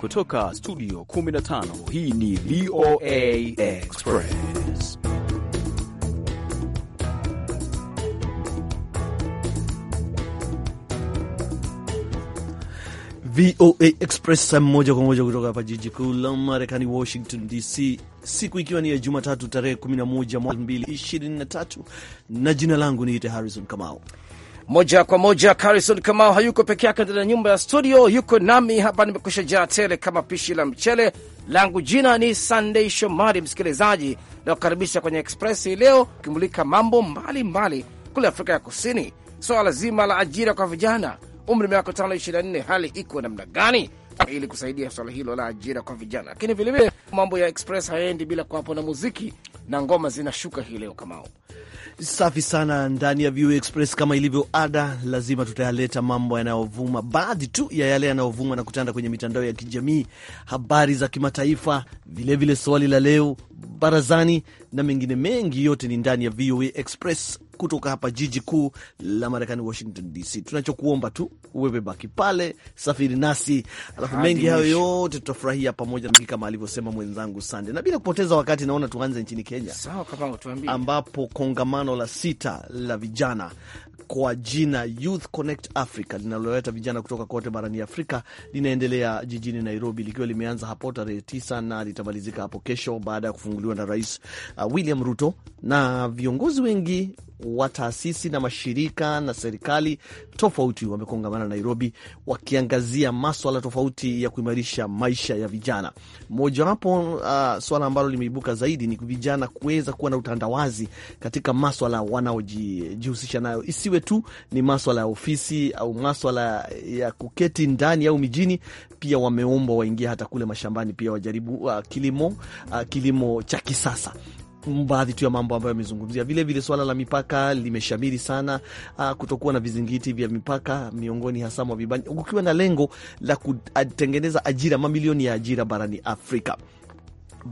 Kutoka studio 15 hii ni VOA Express. VOA Express moja kwa moja kutoka hapa jiji kuu la Marekani, Washington DC, siku ikiwa ni ya Jumatatu tarehe 11 mwaka 2023, na jina langu niite Harrison Kamau moja kwa moja. Harrison Kamau hayuko peke yake ndani ya nyumba ya studio, yuko nami hapa, nimekusha jaa tele kama pishi la mchele langu. Jina ni Sunday Shomari, msikilizaji na kukaribisha kwenye Express hii leo, ukimulika mambo mbalimbali mbali kule Afrika ya Kusini, swala so zima la ajira kwa vijana umri miaka tano ishirini na nne, hali iko namna gani ili kusaidia swala hilo la ajira kwa vijana. Lakini vilevile mambo ya Express hayaendi bila kuwapo na muziki na ngoma zinashuka hii leo Kamao. Safi sana ndani ya VOA Express. Kama ilivyo ada, lazima tutayaleta mambo yanayovuma, baadhi tu ya yale yanayovuma na kutanda kwenye mitandao ya kijamii, habari za kimataifa, vilevile swali la leo, barazani na mengine mengi, yote ni ndani ya VOA Express kutoka hapa jiji kuu la Marekani, Washington DC. Tunachokuomba tu uwewe baki pale, safiri nasi, alafu mengi hayo yote tutafurahia pamoja na kama alivyosema mwenzangu Sande. Na bila kupoteza wakati, naona tuanze nchini Kenya, sawa kama utuambie, ambapo kongamano la sita la vijana kwa jina Youth Connect Africa linaloleta vijana kutoka kote barani Afrika linaendelea jijini Nairobi, likiwa limeanza hapo tarehe tisa na litamalizika hapo kesho baada ya kufunguliwa na Rais uh, William Ruto na viongozi wengi wa taasisi na mashirika na serikali tofauti wamekongamana Nairobi wakiangazia maswala tofauti ya kuimarisha maisha ya vijana. Mojawapo uh, swala ambalo limeibuka zaidi ni vijana kuweza kuwa na utandawazi katika maswala wanaojihusisha nayo, isiwe tu ni maswala ya ofisi au maswala ya kuketi ndani au mijini. Pia wameombwa waingia hata kule mashambani, pia wajaribu uh, kilimo uh, kilimo cha kisasa baadhi tu ya mambo ambayo yamezungumzia. Vilevile suala la mipaka limeshamiri sana, uh, kutokuwa na vizingiti vya mipaka miongoni hasa mwa vibani, ukiwa na lengo la kutengeneza ajira, mamilioni ya ajira barani Afrika.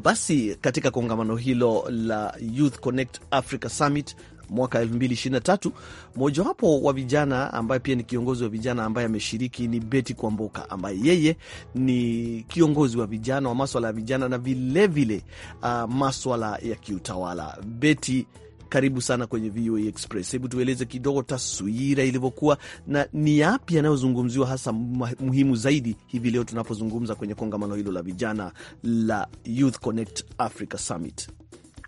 Basi katika kongamano hilo la Youth Connect Africa Summit mwaka 2023. Mojawapo wa vijana ambaye pia ni kiongozi wa vijana ambaye ameshiriki ni Beti Kwamboka, ambaye yeye ni kiongozi wa vijana wa maswala ya vijana na vilevile uh, ah, maswala ya kiutawala. Beti, karibu sana kwenye VOA Express. Hebu tueleze kidogo taswira ilivyokuwa na ni yapi yanayozungumziwa hasa muhimu zaidi hivi leo tunapozungumza kwenye kongamano hilo la vijana la Youth Connect Africa Summit.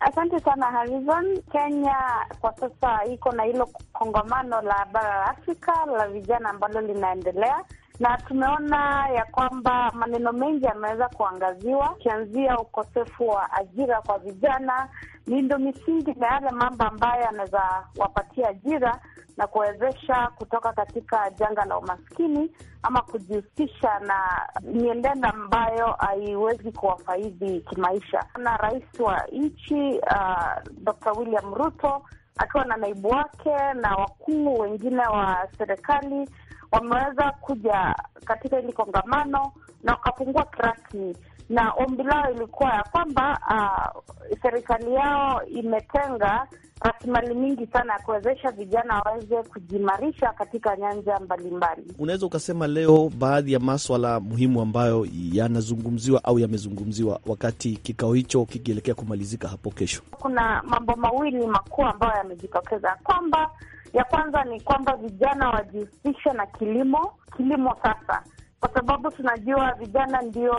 Asante sana harizon Kenya kwa sasa iko na hilo kongamano la bara la Afrika la vijana ambalo linaendelea na tumeona ya kwamba maneno mengi yameweza kuangaziwa, ukianzia ukosefu wa ajira kwa vijana miundo misingi na yale mambo ambayo yanaweza wapatia ajira na kuwawezesha kutoka katika janga la umaskini ama kujihusisha na miendendo ambayo haiwezi kuwafaidi kimaisha. Na rais wa nchi uh, ah, Dr. William Ruto akiwa na naibu wake na wakuu wengine wa serikali wameweza kuja katika hili kongamano na wakafungua rasmi na ombi lao ilikuwa ya kwamba uh, serikali yao imetenga rasilimali mingi sana ya kuwezesha vijana waweze kujimarisha katika nyanja mbalimbali. Unaweza ukasema leo baadhi ya maswala muhimu ambayo yanazungumziwa au yamezungumziwa wakati kikao hicho kikielekea kumalizika hapo kesho, kuna mambo mawili makuu ambayo yamejitokeza kwamba ya kwanza ni kwamba vijana wajihusishe na kilimo, kilimo sasa kwa sababu tunajua vijana ndio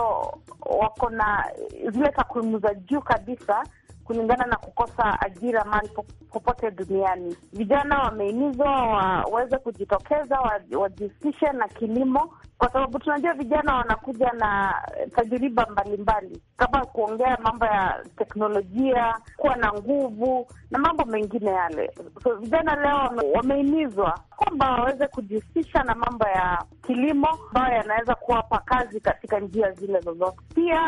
wako na zile takwimu za juu kabisa kulingana na kukosa ajira mahali popote duniani. Vijana wamehimizwa waweze kujitokeza, wajihusishe na kilimo kwa sababu tunajua vijana wanakuja na tajiriba mbalimbali, kama kuongea mambo ya teknolojia, kuwa na nguvu na mambo mengine yale. So vijana leo wamehimizwa kwamba waweze kujihusisha na mambo ya kilimo ambayo yanaweza kuwapa kazi katika njia zile zozote. Pia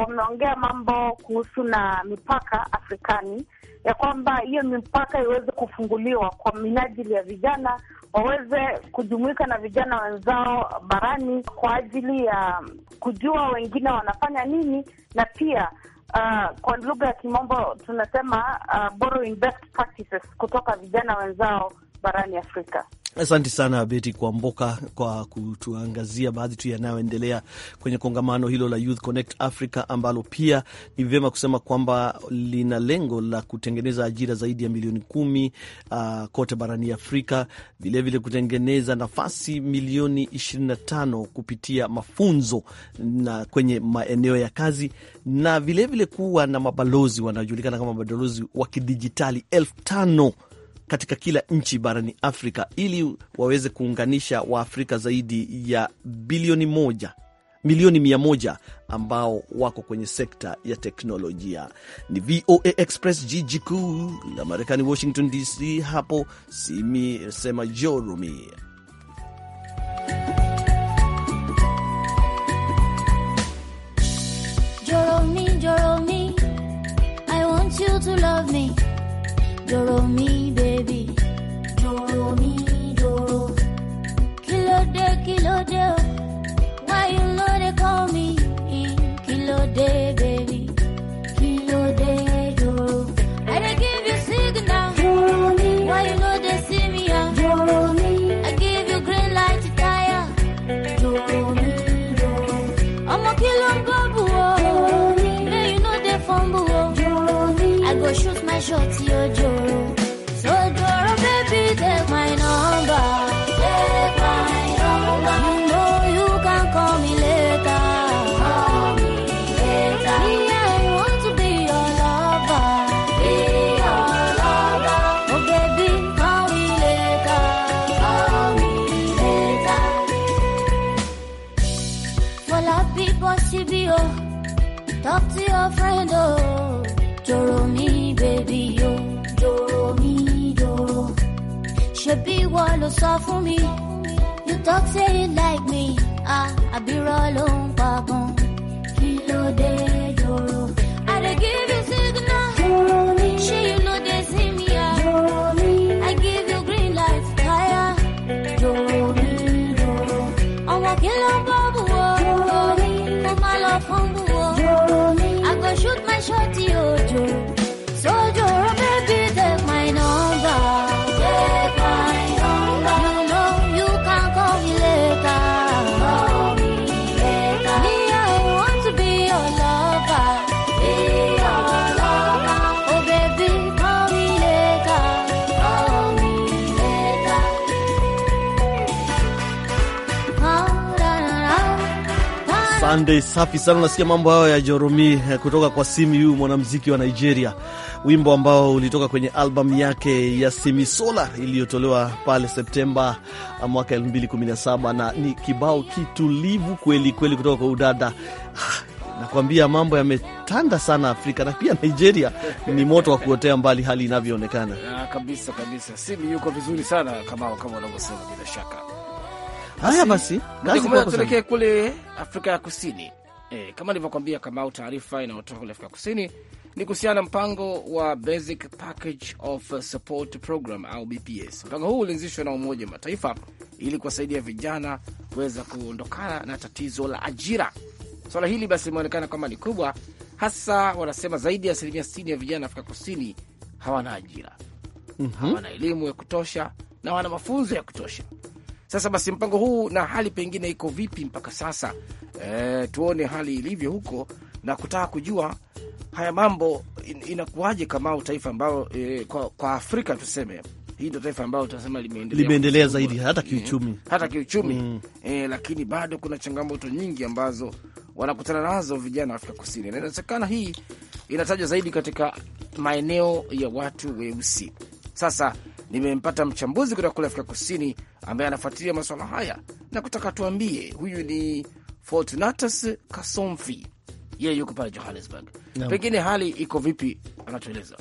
wameongea mambo kuhusu na mipaka Afrikani ya kwamba hiyo mipaka iweze kufunguliwa kwa minajili ya vijana waweze kujumuika na vijana wenzao barani kwa ajili ya kujua wengine wanafanya nini, na pia uh, kwa lugha ya Kimombo tunasema uh, borrowing best practices kutoka vijana wenzao barani Afrika. Asante sana Beti mboka kwa kutuangazia baadhi tu yanayoendelea kwenye kongamano hilo la Youth Connect Africa ambalo pia ni vyema kusema kwamba lina lengo la kutengeneza ajira zaidi ya milioni kumi uh, kote barani Afrika, vilevile kutengeneza nafasi milioni 25 kupitia mafunzo na kwenye maeneo ya kazi na vilevile kuwa na mabalozi wanaojulikana kama mabalozi wa kidijitali elfu tano katika kila nchi barani Afrika ili waweze kuunganisha Waafrika zaidi ya bilioni moja milioni mia moja ambao wako kwenye sekta ya teknolojia. Ni VOA Express, jiji kuu la Marekani, Washington DC. Hapo simi sema jorumi Joromi, Joromi, I want you to love me. baby. Sunday. Safi sana, unasikia mambo hayo ya Joromi eh, kutoka kwa Simi, huyu mwanamziki wa Nigeria, wimbo ambao ulitoka kwenye albam yake ya Simi Sola iliyotolewa pale Septemba ah, mwaka 2017 na ni kibao kitulivu kweli kweli kutoka kwa udada ah, Nakwambia mambo yametanda sana Afrika na pia Nigeria ni moto wa kuotea mbali, hali inavyoonekana ah, kabisa kabisa. Simi yuko vizuri sana kama kama unavyosema, bila shaka. Haya basi, tuelekee kule Afrika ya Kusini. E, kama kama au taarifa inayotoka kule Afrika Kusini ni kuhusiana na mpango wa Basic Package of Support Program au BPS. Mpango huu ulianzishwa na Umoja wa Mataifa ili kuwasaidia vijana kuweza kuondokana na tatizo la ajira. Swala hili basi limeonekana kwamba ni kubwa, hasa wanasema zaidi ya asilimia 60 ya vijana Afrika Kusini hawana ajira, mm -hmm. hawana elimu ya kutosha na wana mafunzo ya kutosha. Sasa basi mpango huu na hali pengine iko vipi mpaka sasa? E, tuone hali ilivyo huko na kutaka kujua haya mambo in, inakuwaje kama taifa ambao e, kwa, kwa Afrika tuseme hii ndo taifa ambayo tunasema limeendelea limeendelea zaidi hata kiuchumi, e, hata kiuchumi mm. E, lakini bado kuna changamoto nyingi ambazo wanakutana nazo vijana wa Afrika Kusini, na inawezekana hii inatajwa zaidi katika maeneo ya watu weusi. Sasa nimempata mchambuzi kutoka kule Afrika Kusini ambaye anafuatilia masuala haya na kutaka tuambie, huyu ni Fortunatus Kasomfi, yeye yuko pale Johannesburg. No. Pengine hali iko vipi? Anatueleza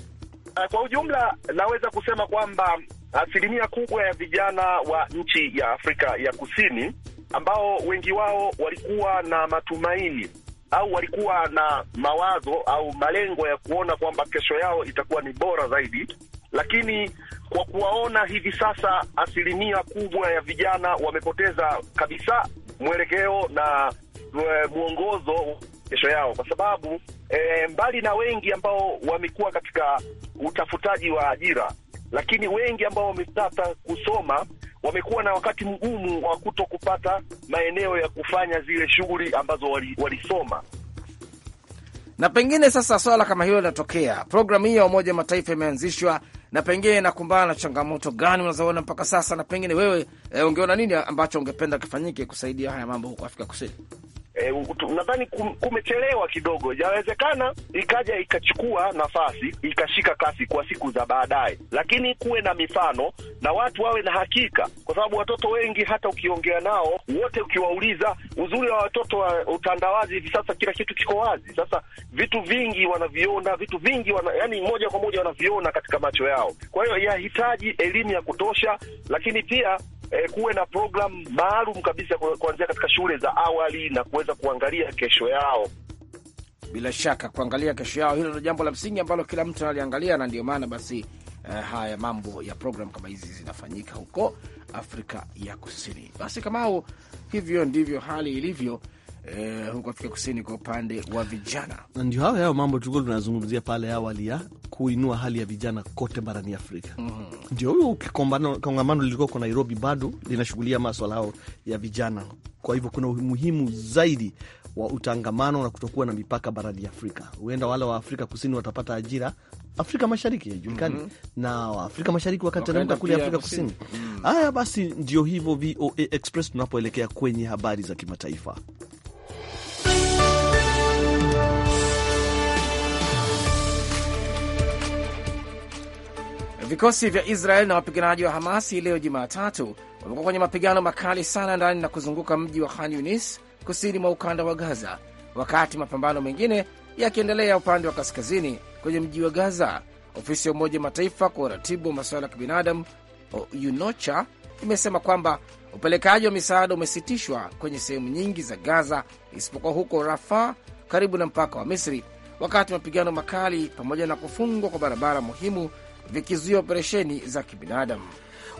uh, kwa ujumla. Naweza kusema kwamba asilimia kubwa ya vijana wa nchi ya Afrika ya Kusini ambao wengi wao walikuwa na matumaini au walikuwa na mawazo au malengo ya kuona kwamba kesho yao itakuwa ni bora zaidi, lakini kwa kuwaona hivi sasa asilimia kubwa ya vijana wamepoteza kabisa mwelekeo na eh, mwongozo kesho yao, kwa sababu e, mbali na wengi ambao wamekuwa katika utafutaji wa ajira, lakini wengi ambao wamepata kusoma wamekuwa na wakati mgumu wa kuto kupata maeneo ya kufanya zile shughuli ambazo walisoma wali na pengine sasa swala kama hilo linatokea. Programu hii ya Umoja Mataifa imeanzishwa na pengine nakumbana na changamoto gani unazoona mpaka sasa, na pengine wewe e, ungeona nini ambacho ungependa kifanyike kusaidia haya mambo huko Afrika Kusini? Eh, nadhani kumechelewa kidogo, yawezekana ikaja ikachukua nafasi ikashika kasi kwa siku za baadaye, lakini kuwe na mifano na watu wawe na hakika, kwa sababu watoto wengi hata ukiongea nao wote, ukiwauliza, uzuri wa watoto wa utandawazi hivi sasa, kila kitu kiko wazi. Sasa vitu vingi wanaviona, vitu vingi wana, yani moja kwa moja wanaviona katika macho yao. Kwa hiyo yahitaji elimu ya kutosha, lakini pia eh, kuwe na program maalum kabisa kuanzia katika shule za awali na kuweza kuangalia kesho yao. Bila shaka kuangalia kesho yao, hilo ndo jambo la msingi ambalo kila mtu analiangalia, na ndio maana basi eh, haya mambo ya program kama hizi zinafanyika huko Afrika ya Kusini. Basi Kamau, hivyo ndivyo hali ilivyo eh, huko Afrika Kusini kwa upande wa vijana. na Ndio hayo hayo mambo tulikuwa tunazungumzia pale awali ya kuinua hali ya vijana kote barani Afrika. mm -hmm. Ndio huyo kongamano lilikuwa kwa Nairobi bado linashughulia maswala hayo ya vijana. Kwa hivyo kuna umuhimu zaidi wa utangamano na kutokuwa na mipaka barani Afrika. Huenda wale wa Afrika Kusini watapata ajira Afrika Mashariki haijulikani, mm -hmm. na Afrika Mashariki wakateremka kule Afrika Kusini. Mhm. Haya, mm -hmm. basi, ndio hivyo VOA Express, tunapoelekea kwenye habari za kimataifa. Vikosi vya Israel na wapiganaji wa hamasi leo Jumatatu wamekuwa kwenye mapigano makali sana ndani na kuzunguka mji wa Khan Yunis kusini mwa ukanda wa Gaza, wakati mapambano mengine yakiendelea upande wa kaskazini kwenye mji wa Gaza. Ofisi ya Umoja Mataifa kwa uratibu wa masuala ya kibinadamu UNOCHA imesema kwamba upelekaji wa misaada umesitishwa kwenye sehemu nyingi za Gaza isipokuwa huko rafa karibu na mpaka wa Misri, wakati mapigano makali pamoja na kufungwa kwa barabara muhimu vikizuia operesheni za kibinadamu.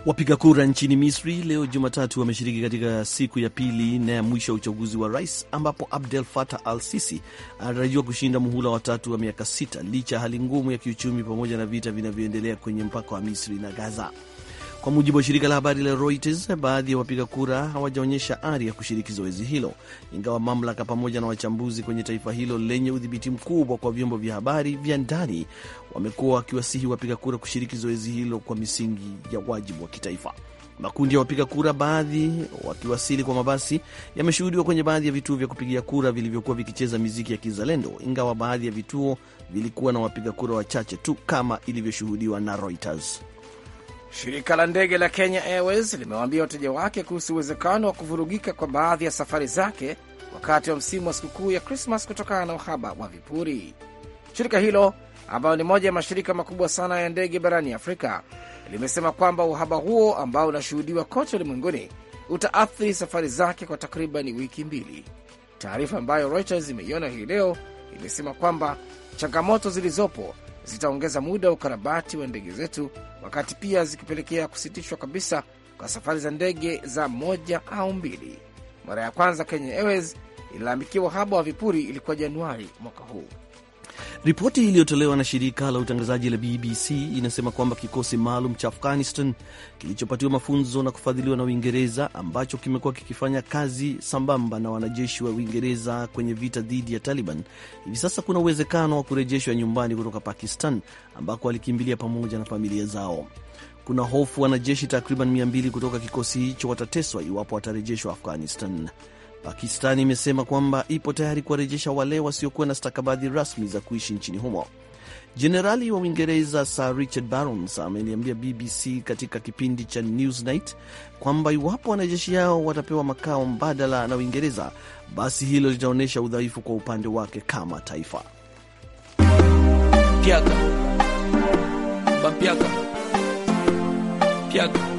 Wapiga kura nchini Misri leo Jumatatu wameshiriki katika siku ya pili na ya mwisho ya uchaguzi wa rais ambapo Abdel Fattah al Sisi anatarajiwa kushinda muhula watatu wa miaka sita licha ya hali ngumu ya kiuchumi pamoja na vita vinavyoendelea kwenye mpaka wa Misri na Gaza. Kwa mujibu wa shirika la habari la Reuters, baadhi ya wapiga kura hawajaonyesha ari ya kushiriki zoezi hilo, ingawa mamlaka pamoja na wachambuzi kwenye taifa hilo lenye udhibiti mkubwa kwa vyombo vya habari vya ndani wamekuwa wakiwasihi wapiga kura kushiriki zoezi hilo kwa misingi ya wajibu wa kitaifa. Makundi ya wapiga kura, baadhi wakiwasili kwa mabasi, yameshuhudiwa kwenye baadhi ya vituo vya kupigia kura vilivyokuwa vikicheza miziki ya kizalendo, ingawa baadhi ya vituo vilikuwa na wapiga kura wachache tu kama ilivyoshuhudiwa na Reuters. Shirika la ndege la Kenya Airways limewaambia wateja wake kuhusu uwezekano wa kuvurugika kwa baadhi ya safari zake wakati wa msimu wa sikukuu ya Krismas kutokana na uhaba wa vipuri. Shirika hilo ambayo ni moja ya mashirika makubwa sana ya ndege barani Afrika limesema kwamba uhaba huo ambao unashuhudiwa kote ulimwenguni utaathiri safari zake kwa takriban wiki mbili. Taarifa ambayo Reuters imeiona hii leo imesema kwamba changamoto zilizopo zitaongeza muda wa ukarabati wa ndege zetu, wakati pia zikipelekea kusitishwa kabisa kwa safari za ndege za moja au mbili. Mara ya kwanza Kenya Airways ililalamikia uhaba wa vipuri ilikuwa Januari mwaka huu. Ripoti iliyotolewa na shirika la utangazaji la BBC inasema kwamba kikosi maalum cha Afghanistan kilichopatiwa mafunzo na kufadhiliwa na Uingereza ambacho kimekuwa kikifanya kazi sambamba na wanajeshi wa Uingereza kwenye vita dhidi ya Taliban hivi sasa kuna uwezekano wa kurejeshwa nyumbani kutoka Pakistan ambako walikimbilia pamoja na familia zao. Kuna hofu wanajeshi takriban 200 kutoka kikosi hicho watateswa iwapo watarejeshwa Afghanistan. Pakistani imesema kwamba ipo tayari kuwarejesha wale wasiokuwa na stakabadhi rasmi za kuishi nchini humo. Jenerali wa Uingereza Sir Richard Barons ameliambia BBC katika kipindi cha Newsnight kwamba iwapo wanajeshi yao watapewa makao mbadala na Uingereza, basi hilo litaonyesha udhaifu kwa upande wake kama taifa. Piaka. Piaka. Piaka.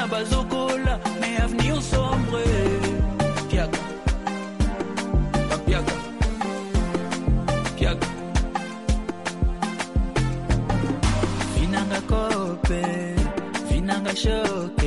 na bazokola mais avenir sombre piaga. piaka piaka vinanga kope vinanga shoke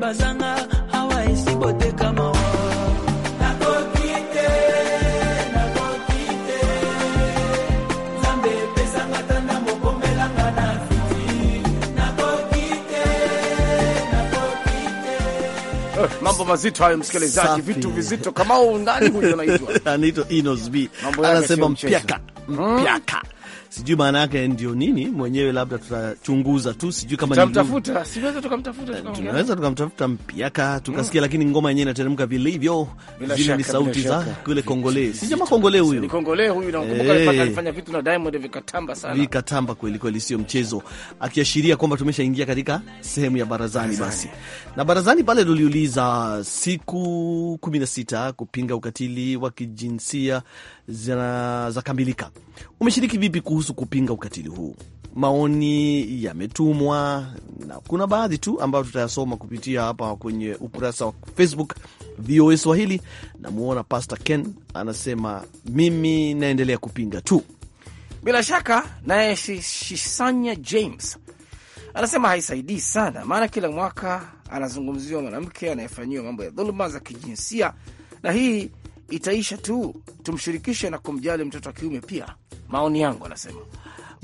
bazanga mambo mazito hayo, msikilizaji, vitu vizito kama ndani huyo anaitwa anaitwa Inos B, anasema mpyaka hmm? mpyaka sijui maana yake ndio nini mwenyewe, labda tutachunguza tu, sijui kama tutamtafuta, siweza tukamtafuta, tunaweza tukamtafuta mpiaka tukasikia, mm. Lakini ngoma yenyewe inateremka vile hivyo, zile ni sauti za kule Kongole, si jamaa Kongole huyu, ni Kongole huyu, na ukumbuka hey. Eh. alifanya vitu na Diamond vikatamba sana, vikatamba kweli kweli, sio mchezo, akiashiria kwamba tumeshaingia katika sehemu ya barazani. Basi na barazani pale tuliuliza siku 16 kupinga ukatili wa kijinsia zinakamilika, umeshiriki vipi kuhusu kupinga ukatili huu. Maoni yametumwa na kuna baadhi tu ambayo tutayasoma kupitia hapa kwenye ukurasa wa Facebook VOA Swahili. namuona Pastor Ken anasema mimi naendelea kupinga tu. Bila shaka naye Shisanya James anasema haisaidii sana, maana kila mwaka anazungumziwa mwanamke anayefanyiwa mambo ya dhuluma za kijinsia, na hii itaisha tu, tumshirikishe na kumjali mtoto wa kiume pia. Maoni yangu, anasema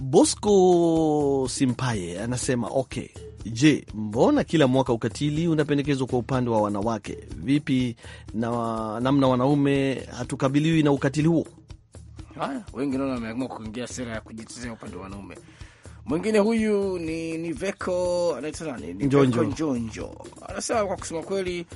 Bosco Simpaye, anasema okay. Je, mbona kila mwaka ukatili unapendekezwa kwa upande wa wanawake? Vipi na namna wanaume hatukabiliwi na ukatili huo? Haya, wengi naona wameamua kuingia sera ya kujitetea upande wa wanaume. Mwingine huyu ni Niveko anaitwa nani? Njonjo, anasema kwa kusema kweli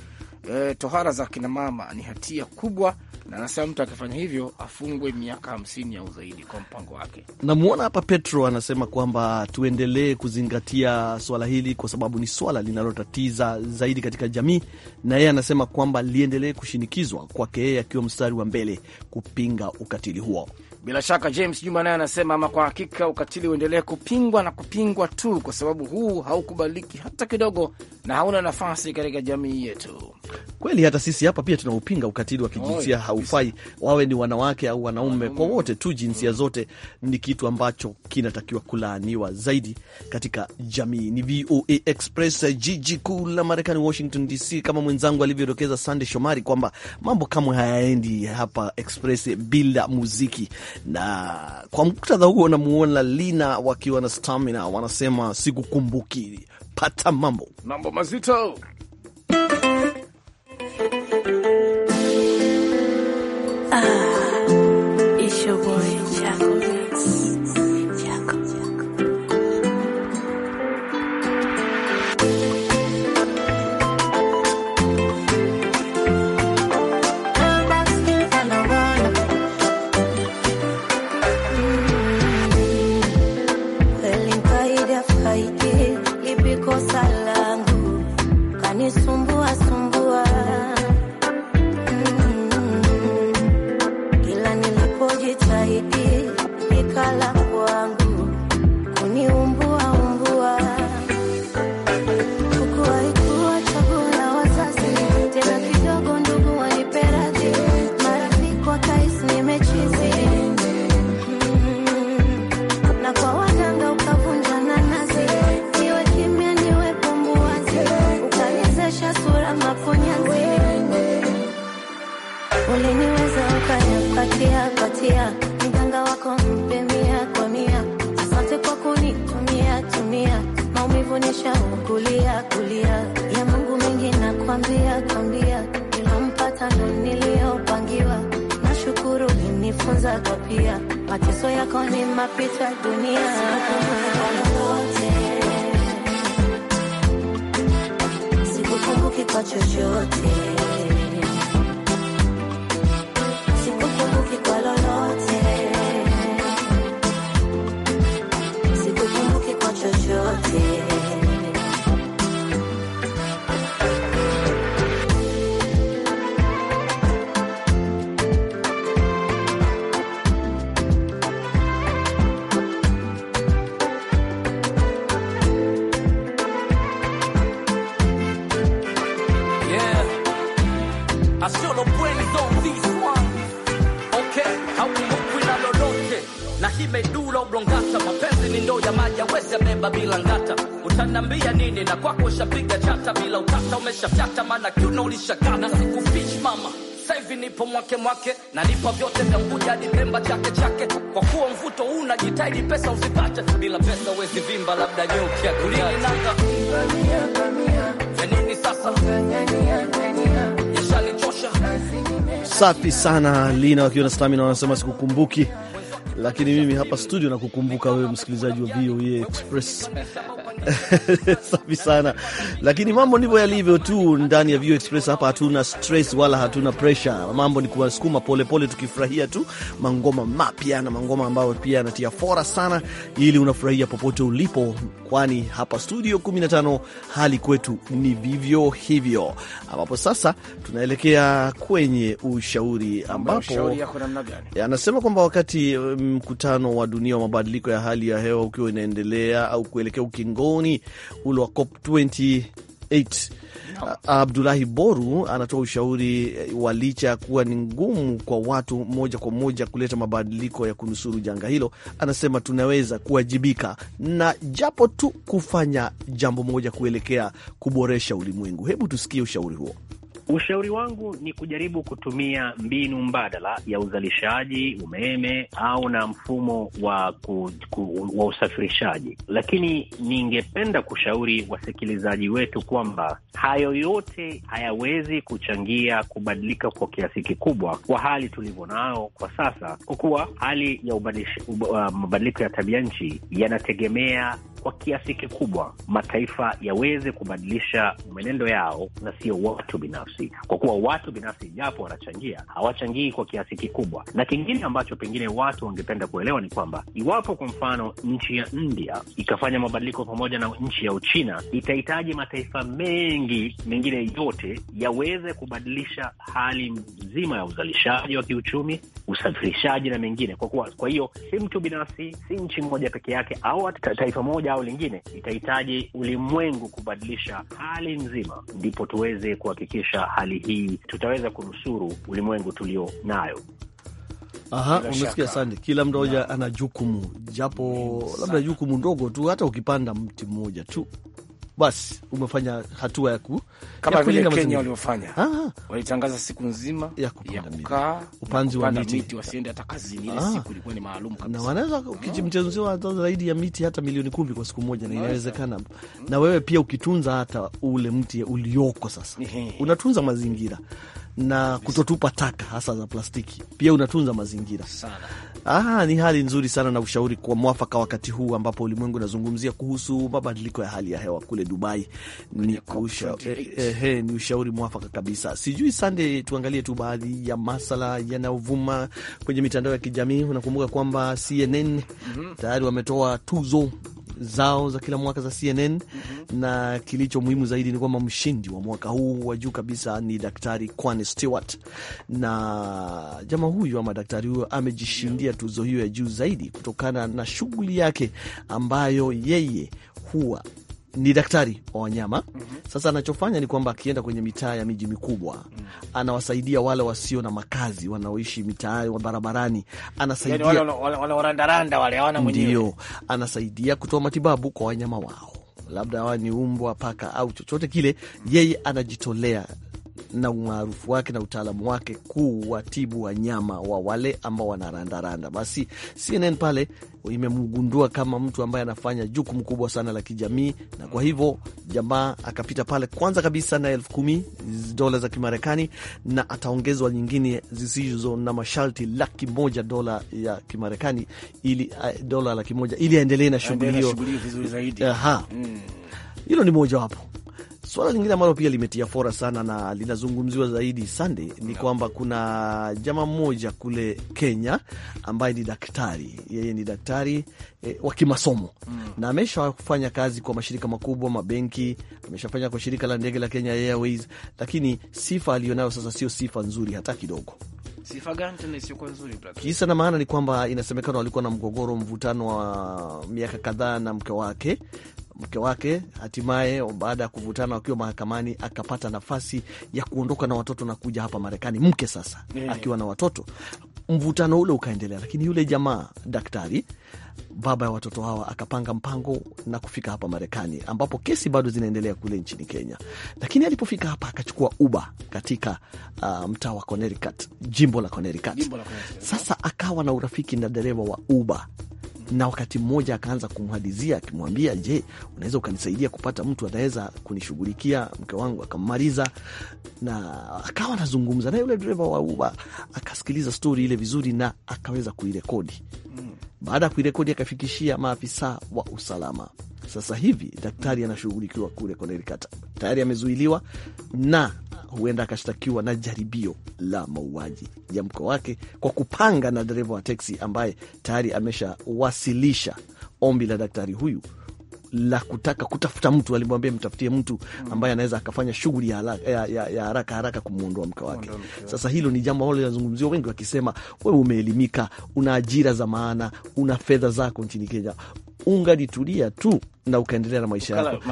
eh, tohara za kinamama ni hatia kubwa, na anasema mtu akifanya hivyo afungwe miaka hamsini au zaidi kwa mpango wake. Namwona hapa Petro anasema kwamba tuendelee kuzingatia swala hili kwa sababu ni swala linalotatiza zaidi katika jamii, na yeye anasema kwamba liendelee kushinikizwa kwake yeye akiwa mstari wa mbele kupinga ukatili huo. Bila shaka James Juma naye anasema ama kwa hakika ukatili uendelee kupingwa na kupingwa tu, kwa sababu huu haukubaliki hata kidogo na hauna nafasi katika jamii yetu. Kweli hata sisi hapa pia tunaupinga ukatili wa kijinsia. Haufai, wawe ni wanawake au wanaume, kwa wote tu, jinsia zote, ni kitu ambacho kinatakiwa kulaaniwa zaidi katika jamii. Ni VOA Express, jiji kuu la Marekani, Washington DC. Kama mwenzangu alivyodokeza Sande Shomari kwamba mambo kamwe hayaendi hapa Express bila muziki na kwa muktadha huo namuona Lina wakiwa na stamina, wanasema sikukumbuki. Pata mambo mambo mazito ah. ulishafyata, maana kiuno siku sikufishi mama Saivi nipo mwake mwake, nalipa vyote vya mbuja hadi Pemba chake chake. Kwa kuwa mvuto huu unajitahidi pesa uzipate, bila pesa uwezi vimba, labda nyoki ya kulia nini sasa yashanichosha. Safi sana Lina wakiwa na Stamina wanasema sikukumbuki lakini mimi hapa studio nakukumbuka wewe msikilizaji wa VOA e Express Safi sana, lakini mambo ndivyo yalivyo tu ndani ya View Express. Hapa hatuna stress wala hatuna pressure, mambo ni kuwasukuma polepole, tukifurahia tu mangoma mapya na mangoma ambayo pia yanatia fora sana, ili unafurahia popote ulipo, kwani hapa studio 15 hali kwetu ni vivyo hivyo, ambapo sasa tunaelekea kwenye ushauri, ambapo anasema kwamba wakati eh, mkutano wa dunia wa mabadiliko ya hali ya hewa ukiwa inaendelea au kuelekea ukingo mlangoni ule wa COP 28. No. Abdulahi Boru anatoa ushauri eh, wa licha ya kuwa ni ngumu kwa watu moja kwa moja kuleta mabadiliko ya kunusuru janga hilo, anasema tunaweza kuwajibika na japo tu kufanya jambo moja kuelekea kuboresha ulimwengu. Hebu tusikie ushauri huo. Ushauri wangu ni kujaribu kutumia mbinu mbadala ya uzalishaji umeme au na mfumo wa, ku, ku, wa usafirishaji, lakini ningependa kushauri wasikilizaji wetu kwamba hayo yote hayawezi kuchangia kubadilika kwa kiasi kikubwa kwa hali tulivyo nayo kwa sasa, kwa kuwa hali ya uh, mabadiliko ya tabia nchi yanategemea kwa kiasi kikubwa mataifa yaweze kubadilisha mwenendo yao na sio watu binafsi binafsi, kwa kuwa watu binafsi japo wanachangia, hawachangii kwa kiasi kikubwa. Na kingine ambacho pengine watu wangependa kuelewa ni kwamba iwapo kwa mfano nchi ya India ikafanya mabadiliko pamoja na nchi ya Uchina, itahitaji mataifa mengi mengine yote yaweze kubadilisha hali nzima ya uzalishaji wa kiuchumi, usafirishaji na mengine, kwa kuwa kwa hiyo si mtu binafsi, si nchi moja peke yake au taifa moja au lingine, itahitaji ulimwengu kubadilisha hali nzima, ndipo tuweze kuhakikisha hali hii tutaweza kunusuru ulimwengu tulio nayo. Aha, umesikia Sandi, kila mmoja ana jukumu, japo labda jukumu ndogo tu, hata ukipanda mti mmoja tu basi umefanya hatua ya ku kama vile Kenya waliofanya, ah, ah. walitangaza siku nzima ya kukaa upanzi wa miti, miti wasiende hata kazini. Ile ah. siku ilikuwa ni maalum kabisa, na wanaweza ukimchezea zaidi ya miti hata milioni kumi kwa siku moja, na inawezekana. Mm. Na wewe pia ukitunza hata ule mti ulioko sasa, unatunza mazingira na kutotupa taka hasa za plastiki, pia unatunza mazingira sana. Ah, ni hali nzuri sana na ushauri kwa mwafaka wakati huu ambapo ulimwengu unazungumzia kuhusu mabadiliko ya hali ya hewa kule Dubai. Ni, kusha, eh, eh, eh, ni ushauri mwafaka kabisa. Sijui Sande, tuangalie tu baadhi ya masala yanayovuma kwenye mitandao ya kijamii. Unakumbuka kwamba CNN mm -hmm. tayari wametoa tuzo zao za kila mwaka za CNN mhm. na kilicho muhimu zaidi ni kwamba mshindi wa mwaka huu wa juu kabisa ni Daktari Kwane Stewart, na jamaa huyu ama daktari huyo amejishindia tuzo hiyo ya juu zaidi kutokana na shughuli yake ambayo yeye huwa ni daktari wa wanyama mm -hmm. Sasa anachofanya ni kwamba akienda kwenye mitaa ya miji mikubwa mm -hmm. anawasaidia wale wasio na makazi wanaoishi mitaa wa barabarani, anasaidia yani wale wale hawana mwenyewe, ndio anasaidia kutoa matibabu kwa wanyama wao, labda hawa ni umbwa, paka au chochote kile, yeye anajitolea na umaarufu wake na utaalamu wake kuwatibu wanyama wa wale ambao wanarandaranda. Basi CNN pale imemgundua kama mtu ambaye anafanya jukumu kubwa sana la kijamii, na kwa hivyo jamaa akapita pale kwanza kabisa na elfu kumi dola za Kimarekani, na ataongezwa nyingine zisizo na masharti laki moja dola ya Kimarekani ili eh, dola laki moja ili aendelee na shughuli hiyo. Mm. hilo ni mojawapo Swala lingine ambalo pia limetia fora sana na linazungumziwa zaidi Sande ni kwamba kuna jamaa mmoja kule Kenya ambaye ni daktari, yeye ni daktari eh, wa kimasomo mm. na ameshafanya kazi kwa mashirika makubwa, mabenki, ameshafanya kwa shirika la ndege la Kenya Airways, lakini sifa aliyonayo sasa sio sifa nzuri hata kidogo. Sifa gani tena isiyokuwa nzuri? Kisa na maana ni kwamba inasemekana walikuwa na mgogoro, mvutano wa miaka kadhaa na mke wake mke wake hatimaye, baada ya kuvutana wakiwa mahakamani, akapata nafasi ya kuondoka na watoto na kuja hapa Marekani, mke sasa yeah, akiwa na watoto. Mvutano ule ukaendelea, lakini yule jamaa daktari baba ya watoto hawa akapanga mpango na kufika hapa Marekani, ambapo kesi bado zinaendelea kule nchini Kenya. Lakini alipofika hapa akachukua Uber katika uh, mtaa wa Connecticut, jimbo la Connecticut. Sasa akawa na urafiki na dereva wa Uber na wakati mmoja akaanza kumhadizia akimwambia, je, unaweza ukanisaidia kupata mtu anaweza kunishughulikia mke wangu? Akammaliza na akawa anazungumza na yule dereva wa Uber, akasikiliza stori ile vizuri na akaweza kuirekodi. Mm. Baada ya kuirekodi, akafikishia maafisa wa usalama. Sasa hivi daktari anashughulikiwa kule Connecticut, tayari amezuiliwa na huenda akashtakiwa na jaribio la mauaji ya mko wake kwa kupanga na dereva wa teksi ambaye tayari ameshawasilisha ombi la daktari huyu la kutaka kutafuta mtu, alimwambia mtafutie mtu mm. ambaye anaweza akafanya shughuli ya ya, ya, ya haraka, haraka kumuondoa mke wake. Sasa hilo ni jambo ambalo linazungumziwa, wengi wakisema, wewe umeelimika, una ajira za maana, una fedha zako nchini Kenya, ungalitulia tu na ukaendelea na maisha yako.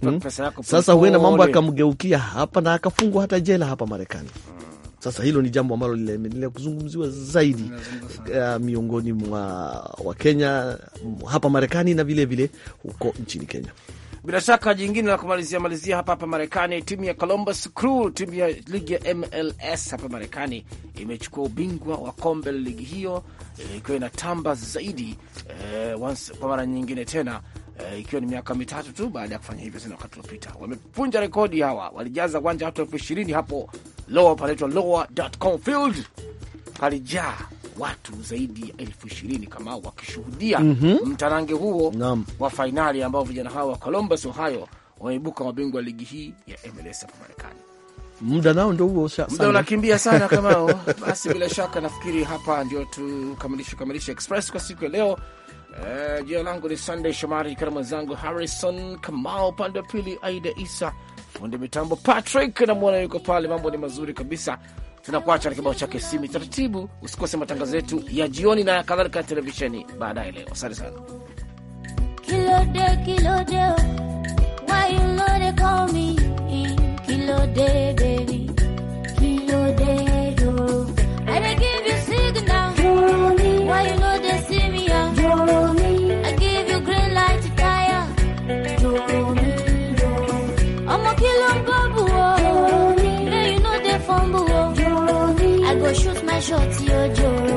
Hmm? Sasa huenda mambo akamgeukia hapa na akafungwa hata jela hapa Marekani. Hmm. Sasa hilo ni jambo ambalo linaendelea kuzungumziwa zaidi uh, miongoni mwa Wakenya hapa Marekani na vilevile huko nchini Kenya. Bila shaka jingine la kumalizia malizia hapa hapa Marekani, timu ya Columbus Crew, timu ya ligi ya MLS hapa Marekani imechukua ubingwa wa kombe la ligi hiyo eh, ikiwa inatamba zaidi eh, once kwa mara nyingine tena eh, ikiwa ni miaka mitatu tu baada ya kufanya hivyo tena wakati uliopita. Wamepunja rekodi hawa, walijaza uwanja watu elfu ishirini hapo Loa panaitwa loa.confield palijaa watu zaidi ya elfu ishirini kama wakishuhudia mm -hmm. mtarange huo Nam. wa fainali ambao vijana hao wa Columbus, Ohio wameibuka mabingwa wa ligi hii ya MLS hapa Marekani. Muda nao ndo huo, muda unakimbia sana kamao. Basi bila shaka nafikiri hapa ndio tukamilishe kamilishe express kwa siku ya leo. Uh, jina langu ni Sunday Shomari, kana mwenzangu Harrison Kamao, upande wa pili Aida Isa fundi mitambo Patrick na mwana yuko pale, mambo ni mazuri kabisa. Tunakuacha na kibao chake simi taratibu. Usikose matangazo yetu ya jioni na kadhalika ya televisheni baadaye leo. Asante sana kilode, kilode, why you chose your joy.